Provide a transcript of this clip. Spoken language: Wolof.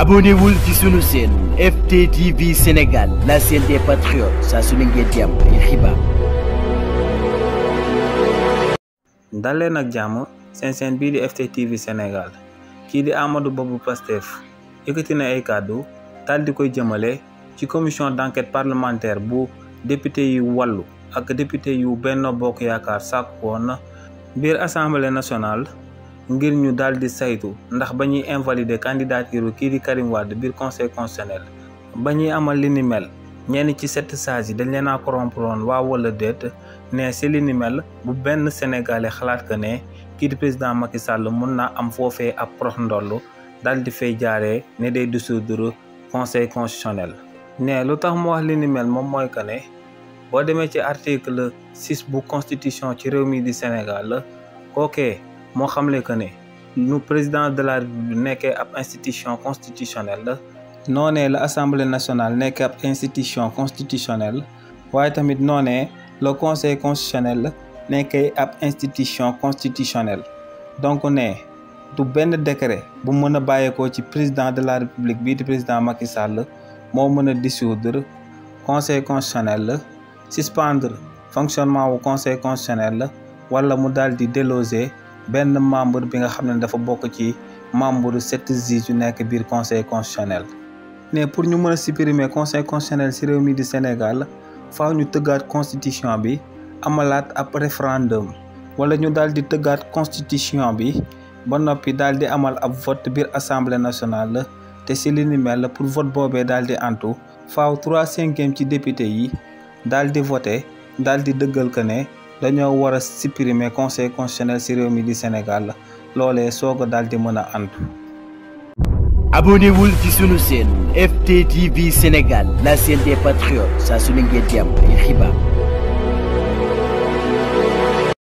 abonnez-vous ci sunu chaîne FTTV Sénégal la chaîne des patriotes ça se ne bien et am ay xibaar. dal leen ak jàmm seen seen bii FTTV Sénégal qui di Amadou Ba Pastef yëkkati na ay kàddu daal di koy jëmale ci commission d'enquête parlementaire bu député yu wàllu ak député yu Benno Bokk Yaakaar sàkk biir assemblée nationale. ngir ñu daal di saytu ndax ba ñuy invalider candidature kii di Karim Wade biir conseil constitutionnel ba ñuy amal li ñenn ci sept sages yi dañ leen a corrompre woon waa wala déet ne si li bu benn sénégalais xalaat que ne kii président Macky Sall mun naa am foofee ab prox ndollu daal di fay jaaree ne day dissoudre conseil constitutionnel. ne lu tax mu wax li moom mooy que ne boo demee ci article six bu constitution ci réew mi di Sénégal kookee Vous xamlé que né président de la République ab institution constitutionnelle noné noonee la assemblée nationale nekk ab institution constitutionnelle waaye tamit noné le conseil constitutionnel nekkee ab institution constitutionnelle donc né du un décret bu mëna bayé ko ci président de la république vice président Macky Sall mo mëna dissoudre dissoudre conseil constitutionnel suspendre fonctionnement au conseil constitutionnel la wala mu daal déloger benn membre bi nga xam ne dafa bokk ci membre sept juges yu nekk biir conseil constitutionnel mais pour ñu mën a supprimer conseil constitutionnel ci réew mi di Sénégal faaw ñu tëggaat constitution bi amalaat ab référendum wala ñu daal di tëggaat constitution bi ba noppi daal di amal ab vote biir assemblée nationale te ci li ni mel pour vote boobee daal di antu faaw trois cinquième ci député yi daal di voté daal di dëggal que ne dañoo war a supprimer conseil constitutionnel du réew mi di Sénégal la loolee soo ko daal di mën a antu abonnewul ci sunu chaîne FTTV Sénégal la chaîne des patriotes saa su ne ngeen di ay xibaar